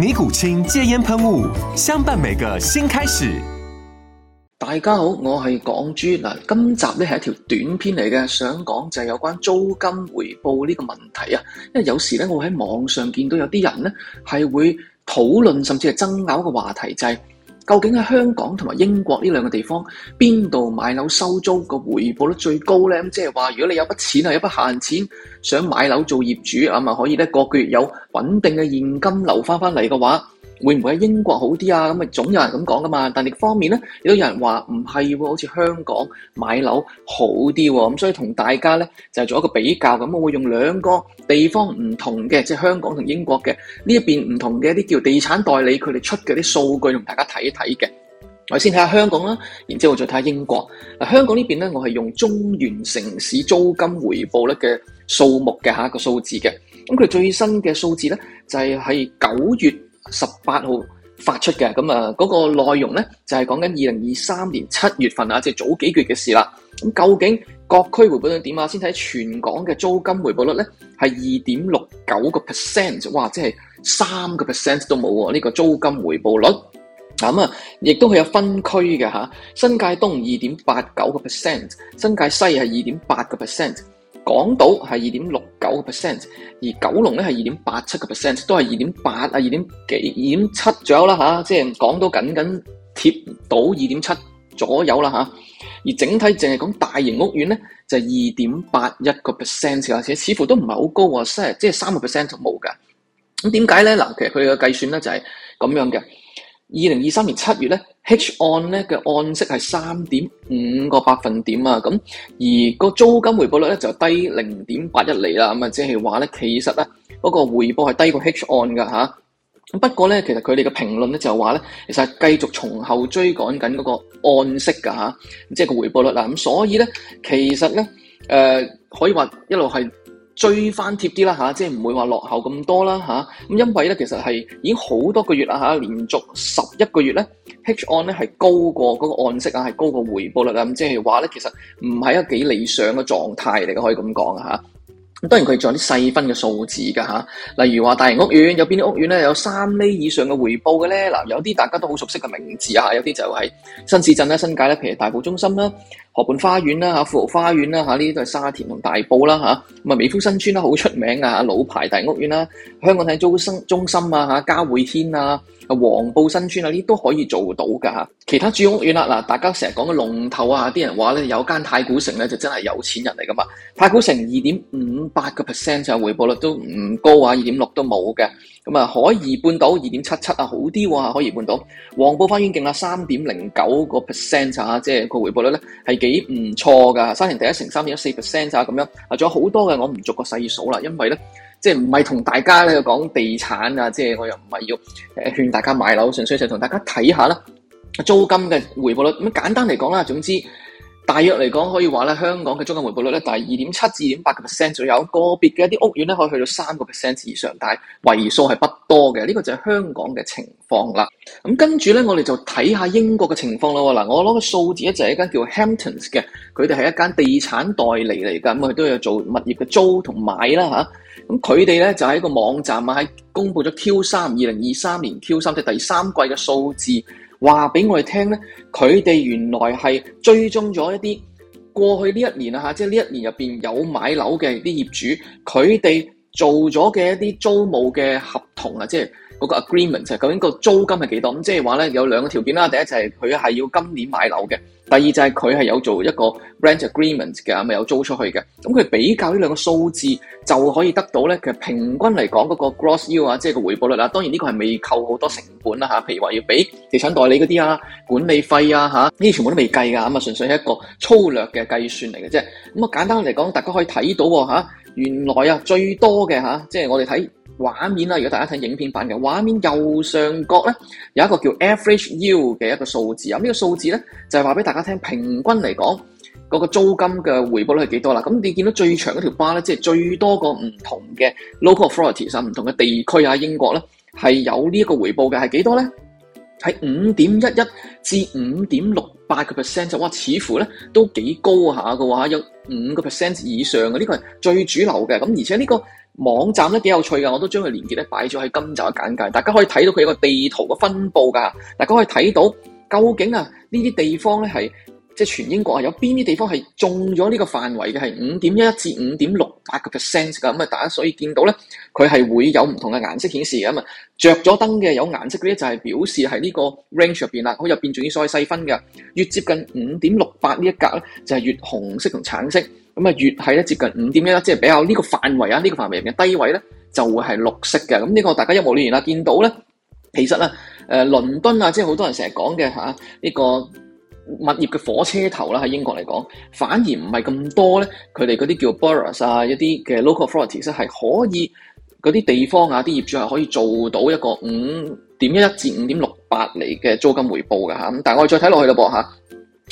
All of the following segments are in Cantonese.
尼古清戒煙噴霧，相伴每個新開始。大家好，我係港豬嗱，今集咧係一條短片嚟嘅，想講就係有關租金回報呢個問題啊。因為有時咧，我喺網上見到有啲人咧係會討論甚至係爭拗嘅話題，就係、是。究竟喺香港同埋英國呢兩個地方邊度買樓收租個回報率最高咧？咁即係話，如果你有筆錢啊，有筆閒錢想買樓做業主，咁啊可以咧，個個月有穩定嘅現金流翻翻嚟嘅話。會唔會喺英國好啲啊？咁啊，總有人咁講㗎嘛。但另一方面咧，亦都有人話唔係喎，好似香港買樓好啲喎，啊。咁所以同大家咧就係做一個比較。咁我會用兩個地方唔同嘅，即係香港同英國嘅呢一邊唔同嘅一啲叫地產代理佢哋出嘅啲數據同大家睇一睇嘅。我先睇下香港啦，然之後再睇下英國。嗱，香港邊呢邊咧，我係用中原城市租金回報率嘅數目嘅下一個數字嘅。咁佢最新嘅數字咧就係喺九月。十八號發出嘅。咁啊，嗰個內容呢，就係講緊二零二三年七月份啊，即係早幾月嘅事啦。咁究竟各區回報率點啊？先睇全港嘅租金回報率呢，係二點六九個 percent，哇，即係三個 percent 都冇啊！呢個租金回報率咁啊，亦都係有分區嘅吓，新界東二點八九個 percent，新界西係二點八個 percent。港島係二點六九個 percent，而九龍咧係二點八七個 percent，都係二點八啊，二點幾、二點七，左右啦嚇，即係港島僅僅貼到二點七左右啦嚇、啊。而整體淨係講大型屋苑咧，就係二點八一個 percent，而且似乎都唔係好高喎，即係即係三個 percent 就冇、是、嘅。咁點解咧？嗱，其實佢嘅計算咧就係咁樣嘅。二零二三年七月咧，H 按咧嘅按息係三點五個百分點啊，咁而個租金回報率咧就低零點八一厘啦，咁啊即係話咧其實咧嗰、那個回報係低過 H 按噶吓，咁不過咧其實佢哋嘅評論咧就話咧其實繼續從後追趕緊嗰個按息噶吓，即係個回報率啊，咁所以咧其實咧誒、呃、可以話一路係。追翻貼啲啦嚇，即係唔會話落後咁多啦嚇。咁因為咧，其實係已經好多個月啦嚇，啊，連續十一個月咧，H 按咧係高過嗰個按息啊，係高過回報率啊。咁即係話咧，其實唔係一個幾理想嘅狀態嚟嘅，可以咁講嚇。當然佢仲有啲細分嘅數字噶嚇，例如話大型屋苑有邊啲屋苑咧有三厘以上嘅回報嘅咧？嗱，有啲大家都好熟悉嘅名字啊，有啲就係新市鎮咧，新界咧、譬如大埔中心啦。河畔花園啦嚇，富豪花園啦嚇，呢啲都係沙田同大埔啦嚇，咁啊美孚新村啦好出名啊，老牌大屋苑啦，香港睇租心中心啊嚇，嘉會天啊，黃埔新村啊呢啲都可以做到噶嚇，其他住屋苑啦，嗱，大家成日講嘅龍頭啊，啲人話咧有間太古城咧就真係有錢人嚟噶嘛，太古城二點五八個 percent 就係回報率都唔高啊，二點六都冇嘅。咁啊，海怡半島二點七七啊，好啲喎，海怡半島，黃埔花園勁啦，三點零九個 percent 啊，即係個回報率咧係幾唔錯噶，沙田第一城三點一四 percent 啊，咁樣啊，仲有好多嘅，我唔逐個細數啦，因為咧，即係唔係同大家咧講地產啊，即係我又唔係要誒勸大家買樓，純粹就同大家睇下啦，租金嘅回報率咁簡單嚟講啦，總之。大約嚟講，可以話咧，香港嘅租金回報率咧，大二點七至二點八個 percent 左右，個別嘅一啲屋苑咧，可以去到三個 percent 以上，但係為數係不多嘅。呢、呢個就係香港嘅情況啦。咁跟住咧，我哋就睇下英國嘅情況咯。嗱，我攞個數字咧，就係、係、一間叫 Hamptons 嘅，佢哋係一間地產代理嚟㗎，咁佢都有做物業嘅租同買啦嚇。咁佢哋咧就喺、係、個網站啊，喺公布咗 Q 三二零二三年 Q 三即係第三季嘅數字。話俾我哋聽咧，佢哋原來係追蹤咗一啲過去呢一年啊吓，即係呢一年入邊有買樓嘅啲業主，佢哋做咗嘅一啲租務嘅合同啊，即係。嗰個 agreement 究竟個租金係幾多咁，即係話咧有兩個條件啦。第一就係佢係要今年買樓嘅，第二就係佢係有做一個 rent agreement 嘅，咪有租出去嘅。咁佢比較呢兩個數字，就可以得到咧其實平均嚟講嗰個 gross yield 啊，即係個回報率啦。當然呢個係未扣好多成本啦嚇，譬如話要俾地產代理嗰啲啊、管理費啊嚇，呢啲全部都未計㗎咁啊，純粹係一個粗略嘅計算嚟嘅啫。咁啊簡單嚟講，大家可以睇到嚇。原來啊，最多嘅吓、啊，即係我哋睇畫面啦。如果大家睇影片版嘅畫面，右上角咧有一個叫 average U 嘅一個數字啊。這個、數字呢個數字咧就係話俾大家聽，平均嚟講嗰個租金嘅回報率係幾多啦？咁、啊、你見到最長嗰條巴咧，即係最多個唔同嘅 local a u t o r i t i e s 唔、啊、同嘅地區啊，英國咧係有呢一個回報嘅，係幾多咧？係五點一一至五點六八個 percent，就，哇，似乎咧都幾高下嘅話，有五個 percent 以上嘅，呢個係最主流嘅。咁而且呢個網站咧幾有趣噶我都將佢連結咧擺咗喺今集嘅簡介，大家可以睇到佢有個地圖嘅分布噶大家可以睇到究竟啊呢啲地方咧係。即係全英國啊，有邊啲地方係中咗呢個範圍嘅係五點一至五點六八嘅 percent 嘅咁啊，大家所以見到咧，佢係會有唔同嘅顏色顯示嘅咁啊，著咗燈嘅有顏色嗰啲就係表示係呢個 range 入邊啦，佢入邊仲要再細分嘅，越接近五點六八呢一格咧，就係、是、越紅色同橙色，咁啊越係咧接近五點一，即係比較呢個範圍啊，呢、這個範圍入嘅低位咧就會係綠色嘅，咁、這、呢個大家一目了然啦。見到咧，其實咧，誒倫敦啊，即係好多人成日講嘅嚇呢個，物業嘅火車頭啦，喺英國嚟講，反而唔係咁多咧。佢哋嗰啲叫 boroughs 啊，一啲嘅 local authorities 係可以嗰啲地方啊，啲業主係可以做到一個五點一一至五點六八厘嘅租金回報㗎嚇。咁但係我哋再睇落去啦噃嚇。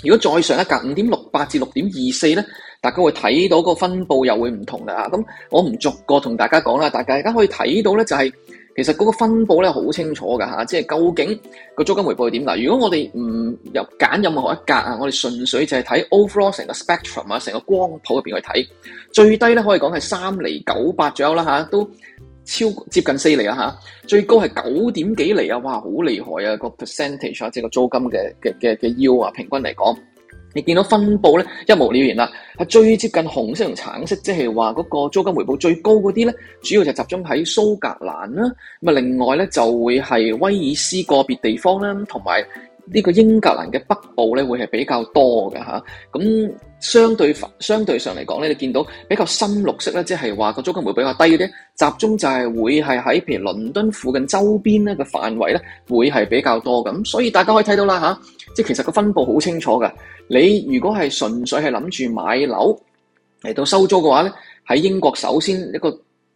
如果再上一格五點六八至六點二四咧，大家會睇到個分佈又會唔同啦嚇。咁我唔逐個同大家講啦，大家大家可以睇到咧就係、是。其實嗰個分佈咧好清楚㗎嚇，即係究竟個租金回報係點？嗱，如果我哋唔入揀任何一格啊，我哋純粹就係睇 overall 成個 spectrum 啊，成個光譜入邊去睇，最低咧可以講係三厘九八左右啦嚇，都超接近四厘啊嚇，最高係九點幾厘啊，哇，好厲害啊，個 percentage 啊，即係個租金嘅嘅嘅嘅 U 啊，yield，平均嚟講。你見到分佈咧一目了然啦，係最接近紅色同橙色，即係話嗰個租金回報最高嗰啲咧，主要就集中喺蘇格蘭啦。咁啊，另外咧就會係威爾斯個別地方啦，同埋，呢個英格蘭嘅北部咧，會係比較多嘅嚇。咁，相對相對上嚟講咧，你見到比較深綠色咧，即係話個租金會比較低嗰啲，集中就係會係喺譬如倫敦附近周邊咧嘅範圍咧，會係比較多咁。所以大家可以睇到啦吓，即係其實個分布好清楚嘅。你如果係純粹係諗住買樓嚟到收租嘅話咧，喺英國首先一個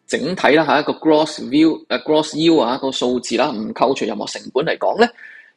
整體啦嚇，一個 gross view 啊 gross yield 啊個數字啦，唔扣除任何成本嚟講咧。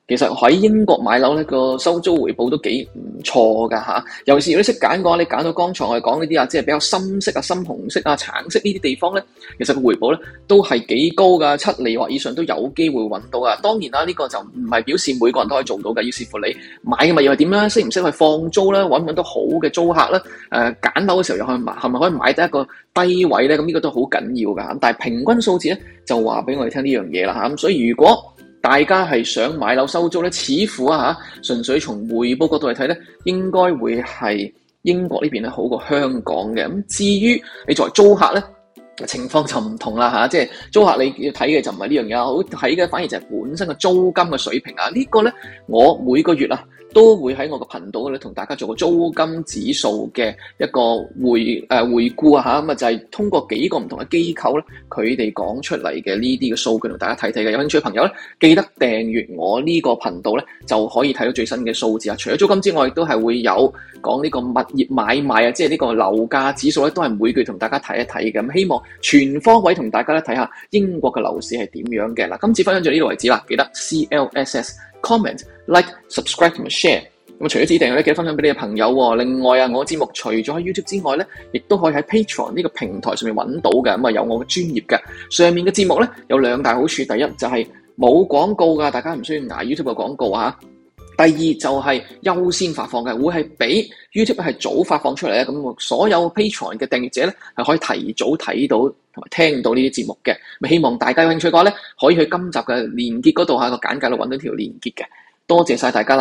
其實喺英國買樓呢個收租回報都幾唔錯噶吓，尤其是如果你識揀嘅話，你揀到剛才我哋講呢啲啊，即係比較深色啊、深紅色啊、橙色呢啲地方咧，其實個回報咧都係幾高噶，七厘或以上都有機會揾到㗎。當然啦，呢個就唔係表示每個人都可以做到㗎。要視乎你買嘅物業點啦，識唔識去放租啦，揾唔揾到好嘅租客啦，誒、呃，揀樓嘅時候又可以係咪可以買得一個低位咧？咁呢個都好緊要噶。但係平均數字咧就話俾我哋聽呢樣嘢啦吓，咁所以如果大家係想買樓收租咧，似乎啊，純粹從回報角度嚟睇咧，應該會係英國呢邊咧好過香港嘅。咁、嗯、至於你作為租客咧，情況就唔同啦吓，即、啊、係、就是、租客你要睇嘅就唔係呢樣嘢，好睇嘅反而就係本身嘅租金嘅水平啊。這個、呢個咧，我每個月啊。都會喺我個頻道咧，同大家做個租金指數嘅一個回誒、呃、回顧啊嚇咁啊，就係、是、通過幾個唔同嘅機構咧，佢哋講出嚟嘅呢啲嘅數據同大家睇睇嘅。有興趣嘅朋友咧，記得訂閱我個頻呢個頻道咧，就可以睇到最新嘅數字啊。除咗租金之外，亦都係會有講呢個物業買賣啊，即係呢個樓價指數咧，都係每句同大家睇一睇嘅。咁、啊、希望全方位同大家咧睇下英國嘅樓市係點樣嘅嗱、啊。今次分享就到呢度為止啦、啊，記得 C L S S。CLSS, comment like、like、subscribe 同埋 share 咁，除咗自己訂閱咧，記得分享俾你嘅朋友喎。另外啊，我嘅節目除咗喺 YouTube 之外咧，亦都可以喺 Patreon 呢個平台上面揾到嘅咁啊，有我嘅專業嘅上面嘅節目咧，有兩大好處。第一就係、是、冇廣告噶，大家唔需要挨 YouTube 嘅廣告啊。第二就係優先發放嘅，會係比 YouTube 係早發放出嚟，咧，咁所有 Patreon 嘅訂閱者咧係可以提早睇到同埋聽到呢啲節目嘅。咪希望大家有興趣嘅話咧，可以去今集嘅連結度喺個簡介度揾到條連結嘅。多謝晒大家啦！